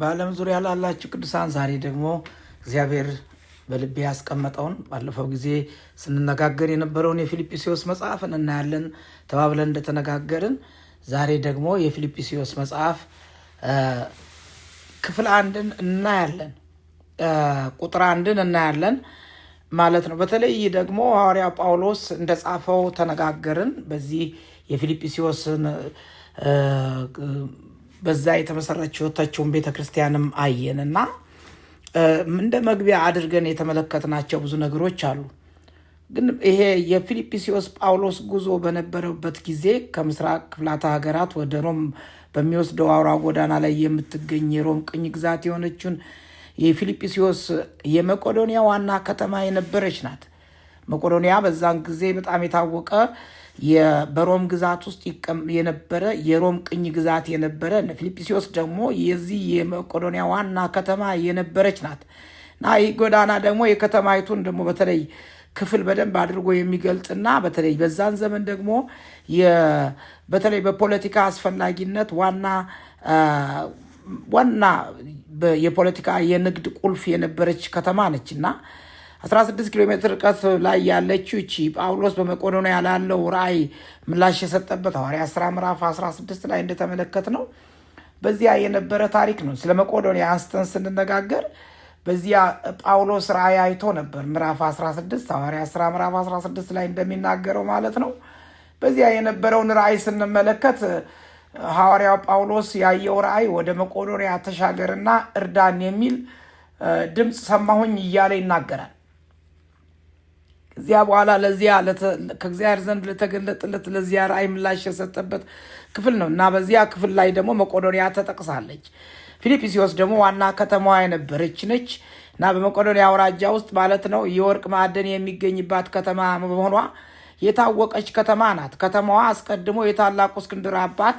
በዓለም ዙሪያ ላላችሁ ቅዱሳን ዛሬ ደግሞ እግዚአብሔር በልቤ ያስቀመጠውን ባለፈው ጊዜ ስንነጋገር የነበረውን የፊልጵስዩስ መጽሐፍ እናያለን። ተባብለን እንደተነጋገርን ዛሬ ደግሞ የፊልጵስዩስ መጽሐፍ ክፍል አንድን እናያለን፣ ቁጥር አንድን እናያለን ማለት ነው። በተለይ ደግሞ ሐዋርያ ጳውሎስ እንደጻፈው ተነጋገርን። በዚህ የፊልጵስዩስን በዛ የተመሰረች ህይወታቸውን ቤተክርስቲያንም አየን አየንና እንደ መግቢያ አድርገን የተመለከትናቸው ብዙ ነገሮች አሉ። ግን ይሄ የፊልጵስዩስ ጳውሎስ ጉዞ በነበረበት ጊዜ ከምስራቅ ክፍላተ ሀገራት ወደ ሮም በሚወስደው አውራ ጎዳና ላይ የምትገኝ የሮም ቅኝ ግዛት የሆነችውን የፊልጵስዩስ የመቄዶንያ ዋና ከተማ የነበረች ናት። መቄዶንያ በዛን ጊዜ በጣም የታወቀ በሮም ግዛት ውስጥ የነበረ የሮም ቅኝ ግዛት የነበረ ፊልጵስዩስ ደግሞ የዚህ የመቄዶንያ ዋና ከተማ የነበረች ናት እና ይህ ጎዳና ደግሞ የከተማይቱን ደግሞ በተለይ ክፍል በደንብ አድርጎ የሚገልጥና በተለይ በዛን ዘመን ደግሞ በተለይ በፖለቲካ አስፈላጊነት ዋና ዋና የፖለቲካ የንግድ ቁልፍ የነበረች ከተማ ነች እና 16 ኪሎ ሜትር ርቀት ላይ ያለችው እቺ ጳውሎስ በመቄዶንያ ላለው ራእይ ምላሽ የሰጠበት ሐዋርያት ሥራ ምዕራፍ 16 ላይ እንደተመለከት ነው። በዚያ የነበረ ታሪክ ነው። ስለ መቄዶንያ አንስተን ስንነጋገር በዚያ ጳውሎስ ራእይ አይቶ ነበር። ምዕራፍ 16 ሐዋርያት ሥራ ምዕራፍ 16 ላይ እንደሚናገረው ማለት ነው። በዚያ የነበረውን ራእይ ስንመለከት ሐዋርያው ጳውሎስ ያየው ራእይ ወደ መቄዶንያ ተሻገርና እርዳን የሚል ድምፅ ሰማሁኝ እያለ ይናገራል። ከዚያ በኋላ ለዚያ ከእግዚአብሔር ዘንድ ለተገለጠለት ለዚያ ራእይ ምላሽ የሰጠበት ክፍል ነው እና በዚያ ክፍል ላይ ደግሞ መቆዶንያ ተጠቅሳለች። ፊልጵስዩስ ደግሞ ዋና ከተማዋ የነበረች ነች እና በመቆዶንያ አውራጃ ውስጥ ማለት ነው የወርቅ ማዕደን የሚገኝባት ከተማ መሆኗ የታወቀች ከተማ ናት። ከተማዋ አስቀድሞ የታላቁ እስክንድር አባት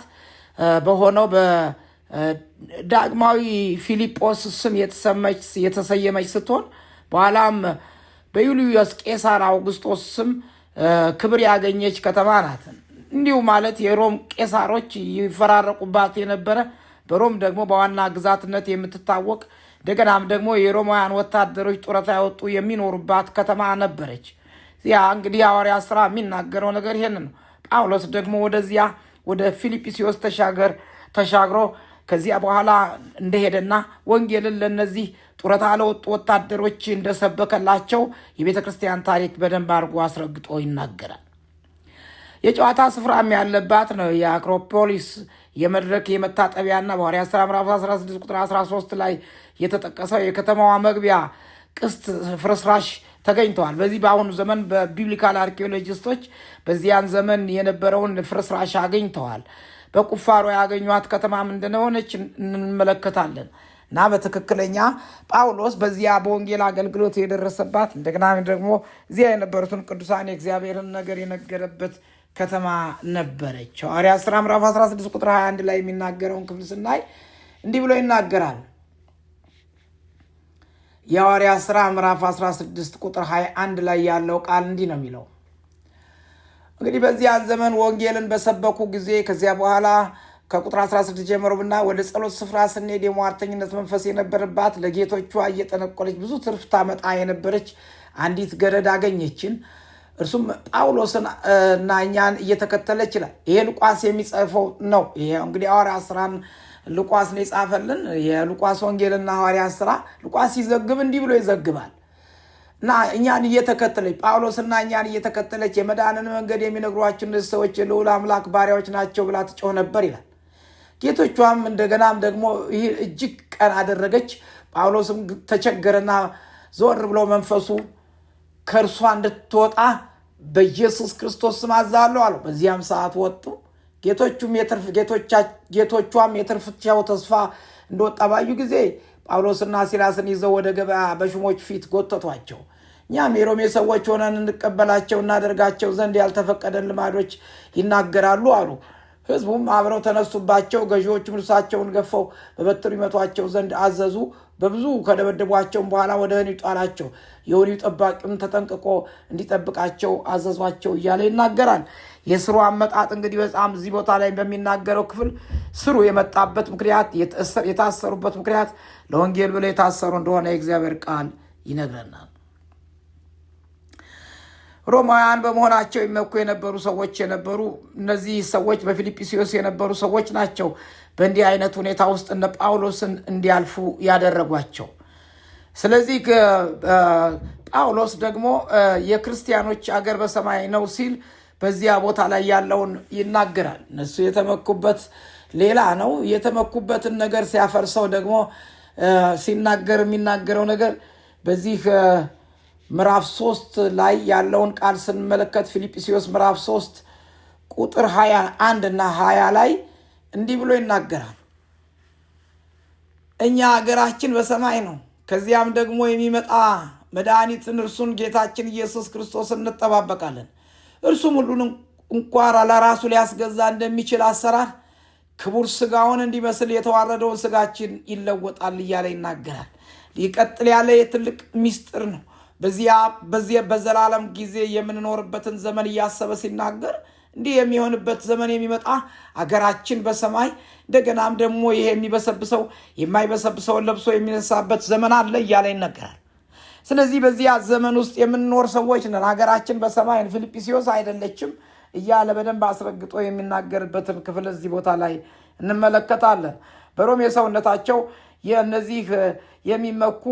በሆነው በዳግማዊ ፊልጶስ ስም የተሰየመች ስትሆን በኋላም በዩልዩስ ቄሳር አውግስጦስ ስም ክብር ያገኘች ከተማ ናት። እንዲሁ ማለት የሮም ቄሳሮች ይፈራረቁባት የነበረ በሮም ደግሞ በዋና ግዛትነት የምትታወቅ እንደገናም ደግሞ የሮማውያን ወታደሮች ጡረታ ያወጡ የሚኖሩባት ከተማ ነበረች። ያ እንግዲህ ሐዋርያ ስራ የሚናገረው ነገር ይሄንን ነው። ጳውሎስ ደግሞ ወደዚያ ወደ ፊልጵስዩስ ተሻገር ተሻግሮ ከዚያ በኋላ እንደሄደና ወንጌልን ለነዚህ ጡረታ ለወጡ ወታደሮች እንደሰበከላቸው የቤተ ክርስቲያን ታሪክ በደንብ አድርጎ አስረግጦ ይናገራል። የጨዋታ ስፍራም ያለባት ነው የአክሮፖሊስ የመድረክ የመታጠቢያና በሐዋርያት ሥራ ምዕራፍ 16 ቁጥር 13 ላይ የተጠቀሰው የከተማዋ መግቢያ ቅስት ፍርስራሽ ተገኝተዋል። በዚህ በአሁኑ ዘመን በቢብሊካል አርኪኦሎጂስቶች በዚያን ዘመን የነበረውን ፍርስራሽ አግኝተዋል። በቁፋሮ ያገኟት ከተማ እንደሆነች እንመለከታለን እና በትክክለኛ ጳውሎስ በዚያ በወንጌል አገልግሎት የደረሰባት እንደገና ደግሞ እዚያ የነበሩትን ቅዱሳን የእግዚአብሔርን ነገር የነገረበት ከተማ ነበረች። ሐዋርያት ሥራ ምዕራፍ 16 ቁጥር 21 ላይ የሚናገረውን ክፍል ስናይ እንዲህ ብሎ ይናገራል። የሐዋርያት ሥራ ምዕራፍ 16 ቁጥር 21 ላይ ያለው ቃል እንዲህ ነው የሚለው እንግዲህ በዚያን ዘመን ወንጌልን በሰበኩ ጊዜ ከዚያ በኋላ ከቁጥር 16 ጀምሮ ብና ወደ ጸሎት ስፍራ ስንሄድ የሟርተኝነት መንፈስ የነበረባት ለጌቶቿ እየጠነቆለች ብዙ ትርፍ ታመጣ የነበረች አንዲት ገረድ አገኘችን። እርሱም ጳውሎስን እና እኛን እየተከተለ ይችላል። ይሄ ሉቃስ የሚጽፈው ነው። እንግዲህ ሐዋርያ ስራን ሉቃስ ነው የጻፈልን። የሉቃስ ወንጌልና ሐዋርያ ስራ ሉቃስ ሲዘግብ እንዲህ ብሎ ይዘግባል። እና እኛን እየተከተለች ጳውሎስና እኛን እየተከተለች የመዳንን መንገድ የሚነግሯቸው እነዚህ ሰዎች የልዑል አምላክ ባሪያዎች ናቸው ብላ ትጮህ ነበር ይላል። ጌቶቿም እንደገናም ደግሞ ይህ እጅግ ቀን አደረገች። ጳውሎስም ተቸገረና ዞር ብሎ መንፈሱ ከእርሷ እንድትወጣ በኢየሱስ ክርስቶስ ስም አዛለሁ አለው። በዚያም ሰዓት ወጡ። ጌቶቹም ጌቶቿም የትርፍቻው ተስፋ እንደወጣ ባዩ ጊዜ ጳውሎስና ሲላስን ይዘው ወደ ገበያ በሹሞች ፊት ጎተቷቸው። እኛም የሮሜ ሰዎች ሆነን እንቀበላቸው እናደርጋቸው ዘንድ ያልተፈቀደን ልማዶች ይናገራሉ አሉ። ህዝቡም አብረው ተነሱባቸው። ገዢዎቹም ልብሳቸውን ገፈው በበትሩ ይመቷቸው ዘንድ አዘዙ። በብዙ ከደበደቧቸውም በኋላ ወደ ወህኒው ጣላቸው የወህኒው ጠባቂም ተጠንቅቆ እንዲጠብቃቸው አዘዟቸው እያለ ይናገራል። የስሩ አመጣጥ እንግዲህ በጣም እዚህ ቦታ ላይ በሚናገረው ክፍል ስሩ የመጣበት ምክንያት፣ የታሰሩበት ምክንያት ለወንጌል ብለው የታሰሩ እንደሆነ የእግዚአብሔር ቃል ይነግረናል። ሮማውያን በመሆናቸው ይመኩ የነበሩ ሰዎች የነበሩ እነዚህ ሰዎች በፊልጵስዩስ የነበሩ ሰዎች ናቸው። በእንዲህ አይነት ሁኔታ ውስጥ እነ ጳውሎስን እንዲያልፉ ያደረጓቸው። ስለዚህ ጳውሎስ ደግሞ የክርስቲያኖች አገር በሰማይ ነው ሲል በዚያ ቦታ ላይ ያለውን ይናገራል። እነሱ የተመኩበት ሌላ ነው። የተመኩበትን ነገር ሲያፈርሰው ደግሞ ሲናገር የሚናገረው ነገር በዚህ ምዕራፍ ሶስት ላይ ያለውን ቃል ስንመለከት ፊልጵስዎስ ምዕራፍ ሶስት ቁጥር ሀያ አንድ እና ሀያ ላይ እንዲህ ብሎ ይናገራል። እኛ ሀገራችን በሰማይ ነው፣ ከዚያም ደግሞ የሚመጣ መድኃኒትን እርሱን ጌታችን ኢየሱስ ክርስቶስ እንጠባበቃለን። እርሱም ሁሉን እንኳ ለራሱ ሊያስገዛ እንደሚችል አሰራር ክቡር ስጋውን እንዲመስል የተዋረደውን ስጋችን ይለወጣል እያለ ይናገራል። ሊቀጥል ያለ የትልቅ ሚስጥር ነው። በዚያ በዚህ በዘላለም ጊዜ የምንኖርበትን ዘመን እያሰበ ሲናገር እንዲህ የሚሆንበት ዘመን የሚመጣ አገራችን በሰማይ እንደገናም ደግሞ ይሄ የሚበሰብሰው የማይበሰብሰውን ለብሶ የሚነሳበት ዘመን አለ እያለ ይነገራል። ስለዚህ በዚያ ዘመን ውስጥ የምንኖር ሰዎች ነን። ሀገራችን በሰማይን ፊልጵስዩስ አይደለችም እያለ በደንብ አስረግጦ የሚናገርበትን ክፍል እዚህ ቦታ ላይ እንመለከታለን። በሮም የሰውነታቸው የእነዚህ የሚመኩ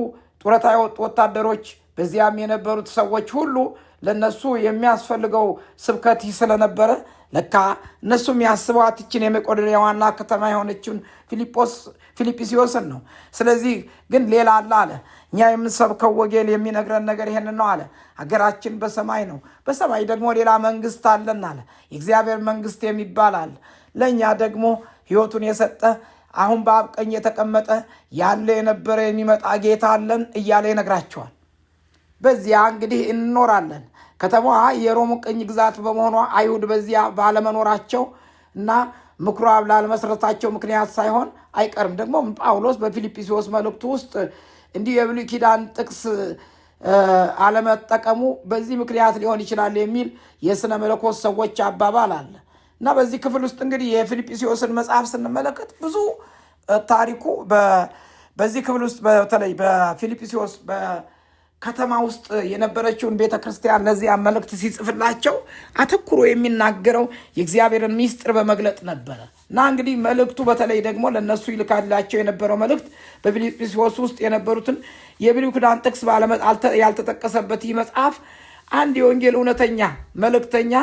ጡረታ የወጡ ወታደሮች በዚያም የነበሩት ሰዎች ሁሉ ለነሱ የሚያስፈልገው ስብከት ይህ ስለነበረ ለካ እነሱም ያስበዋት ይችን የመቄዶንያ ዋና ከተማ የሆነችን ፊልጵስዮስን ነው። ስለዚህ ግን ሌላ አለ አለ እኛ የምንሰብከው ወጌል የሚነግረን ነገር ይሄን ነው አለ። ሀገራችን በሰማይ ነው፣ በሰማይ ደግሞ ሌላ መንግስት አለን አለ። የእግዚአብሔር መንግስት የሚባል አለ። ለእኛ ደግሞ ህይወቱን የሰጠ አሁን በአብቀኝ የተቀመጠ ያለ የነበረ የሚመጣ ጌታ አለን እያለ ይነግራቸዋል። በዚያ እንግዲህ እንኖራለን። ከተማዋ የሮም ቅኝ ግዛት በመሆኗ አይሁድ በዚያ ባለመኖራቸው እና ምኩራብ ላለመስረታቸው ምክንያት ሳይሆን አይቀርም። ደግሞ ጳውሎስ በፊልጵስዎስ መልእክቱ ውስጥ እንዲህ የብሉይ ኪዳን ጥቅስ አለመጠቀሙ በዚህ ምክንያት ሊሆን ይችላል የሚል የሥነ መለኮት ሰዎች አባባል አለ እና በዚህ ክፍል ውስጥ እንግዲህ የፊልጵስዎስን መጽሐፍ ስንመለከት ብዙ ታሪኩ በዚህ ክፍል ውስጥ በተለይ በፊልጵስዎስ ከተማ ውስጥ የነበረችውን ቤተ ክርስቲያን ለዚያ መልእክት ሲጽፍላቸው አተኩሮ የሚናገረው የእግዚአብሔርን ሚስጥር በመግለጥ ነበረ እና እንግዲህ መልእክቱ በተለይ ደግሞ ለእነሱ ይልካላቸው የነበረው መልእክት በፊልጵስዎስ ውስጥ የነበሩትን የብሉይ ኪዳን ጥቅስ ያልተጠቀሰበት ይህ መጽሐፍ አንድ የወንጌል እውነተኛ መልእክተኛ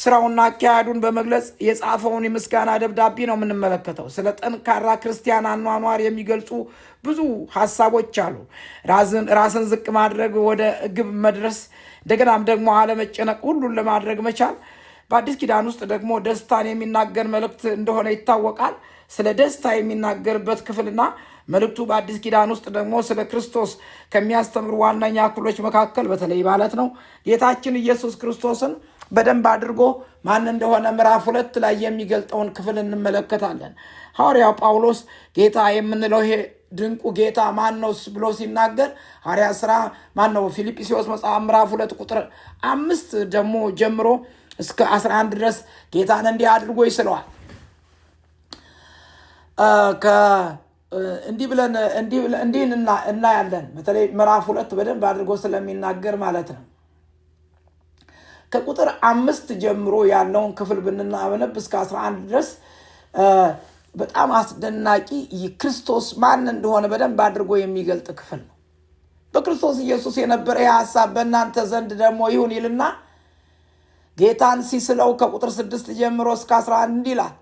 ስራውና አካሄዱን በመግለጽ የጻፈውን የምስጋና ደብዳቤ ነው የምንመለከተው። ስለ ጠንካራ ክርስቲያን አኗኗር የሚገልጹ ብዙ ሀሳቦች አሉ። ራስን ዝቅ ማድረግ፣ ወደ ግብ መድረስ፣ እንደገናም ደግሞ አለመጨነቅ፣ ሁሉን ለማድረግ መቻል በአዲስ ኪዳን ውስጥ ደግሞ ደስታን የሚናገር መልእክት እንደሆነ ይታወቃል። ስለ ደስታ የሚናገርበት ክፍልና መልእክቱ በአዲስ ኪዳን ውስጥ ደግሞ ስለ ክርስቶስ ከሚያስተምሩ ዋነኛ ክፍሎች መካከል በተለይ ማለት ነው ጌታችን ኢየሱስ ክርስቶስን በደንብ አድርጎ ማን እንደሆነ ምዕራፍ ሁለት ላይ የሚገልጠውን ክፍል እንመለከታለን። ሐዋርያው ጳውሎስ ጌታ የምንለው ይሄ ድንቁ ጌታ ማን ነው ብሎ ሲናገር ሐዋርያ ስራ ማን ነው ፊልጵስዎስ መጽሐፍ ምዕራፍ ሁለት ቁጥር አምስት ደግሞ ጀምሮ እስከ 11 ድረስ ጌታን እንዲህ አድርጎ ይስለዋል። እንዲህ ብለን እንዲህ እናያለን። በተለይ ምዕራፍ ሁለት በደንብ አድርጎ ስለሚናገር ማለት ነው። ከቁጥር አምስት ጀምሮ ያለውን ክፍል ብንናበነብ እስከ አስራ አንድ ድረስ በጣም አስደናቂ ክርስቶስ ማን እንደሆነ በደንብ አድርጎ የሚገልጥ ክፍል ነው። በክርስቶስ ኢየሱስ የነበረ ይህ ሀሳብ በእናንተ ዘንድ ደግሞ ይሁን ይልና ጌታን ሲስለው ከቁጥር ስድስት ጀምሮ እስከ አስራ አንድ ይላል።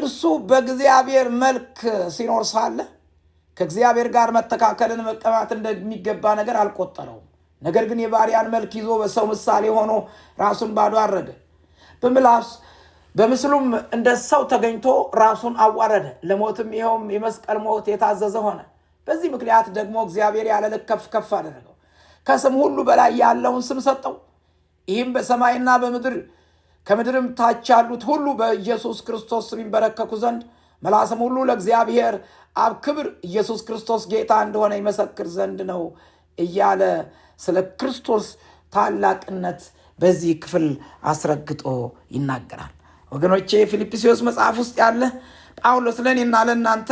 እርሱ በእግዚአብሔር መልክ ሲኖር ሳለ ከእግዚአብሔር ጋር መተካከልን መቀማት እንደሚገባ ነገር አልቆጠረውም። ነገር ግን የባሪያን መልክ ይዞ በሰው ምሳሌ ሆኖ ራሱን ባዶ አረገ። በምላስ በምስሉም እንደ ሰው ተገኝቶ ራሱን አዋረደ፣ ለሞትም ይኸውም የመስቀል ሞት የታዘዘ ሆነ። በዚህ ምክንያት ደግሞ እግዚአብሔር ያለ ልክ ከፍ ከፍ አደረገው፣ ከስም ሁሉ በላይ ያለውን ስም ሰጠው። ይህም በሰማይና በምድር ከምድርም ታች ያሉት ሁሉ በኢየሱስ ክርስቶስ ስም ይንበረከኩ ዘንድ መላስም ሁሉ ለእግዚአብሔር አብ ክብር ኢየሱስ ክርስቶስ ጌታ እንደሆነ ይመሰክር ዘንድ ነው እያለ ስለ ክርስቶስ ታላቅነት በዚህ ክፍል አስረግጦ ይናገራል። ወገኖቼ ፊልጵስዩስ መጽሐፍ ውስጥ ያለ ጳውሎስ ለእኔና ለእናንተ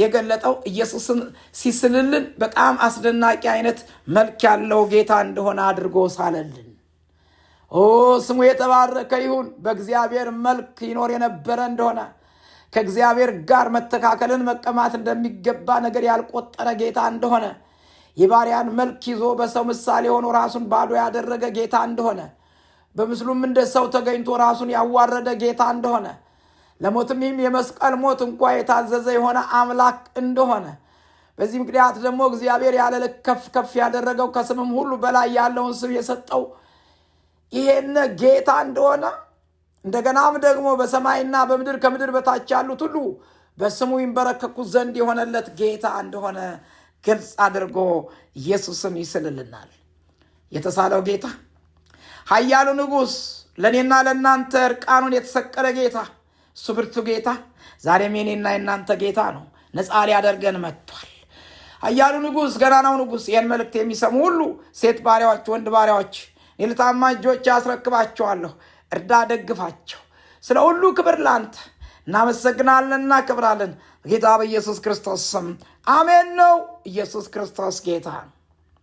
የገለጠው ኢየሱስን ሲስልልን በጣም አስደናቂ አይነት መልክ ያለው ጌታ እንደሆነ አድርጎ ሳለልን። ኦ ስሙ የተባረከ ይሁን። በእግዚአብሔር መልክ ይኖር የነበረ እንደሆነ ከእግዚአብሔር ጋር መተካከልን መቀማት እንደሚገባ ነገር ያልቆጠረ ጌታ እንደሆነ የባሪያን መልክ ይዞ በሰው ምሳሌ ሆኖ ራሱን ባዶ ያደረገ ጌታ እንደሆነ በምስሉም እንደ ሰው ተገኝቶ ራሱን ያዋረደ ጌታ እንደሆነ ለሞትም ይህም የመስቀል ሞት እንኳ የታዘዘ የሆነ አምላክ እንደሆነ በዚህ ምክንያት ደግሞ እግዚአብሔር ያለ ልክ ከፍ ከፍ ያደረገው ከስምም ሁሉ በላይ ያለውን ስም የሰጠው ይሄነ ጌታ እንደሆነ እንደገናም ደግሞ በሰማይና በምድር ከምድር በታች ያሉት ሁሉ በስሙ ይንበረከኩት ዘንድ የሆነለት ጌታ እንደሆነ ግልጽ አድርጎ ኢየሱስን ይስልልናል። የተሳለው ጌታ ኃያሉ ንጉሥ፣ ለእኔና ለእናንተ እርቃኑን የተሰቀለ ጌታ፣ እሱ ብርቱ ጌታ ዛሬም የኔና የእናንተ ጌታ ነው። ነፃ ሊያደርገን መጥቷል። ኃያሉ ንጉሥ፣ ገናናው ንጉሥ ይህን መልእክት የሚሰሙ ሁሉ ሴት ባሪያዎች፣ ወንድ ባሪያዎች ኒልታማ እጆች ያስረክባቸዋለሁ። እርዳ፣ ደግፋቸው። ስለ ሁሉ ክብር ላንተ እናመሰግናለን፣ እናከብራለን። ጌታ በኢየሱስ ክርስቶስ ስም አሜን ነው። ኢየሱስ ክርስቶስ ጌታ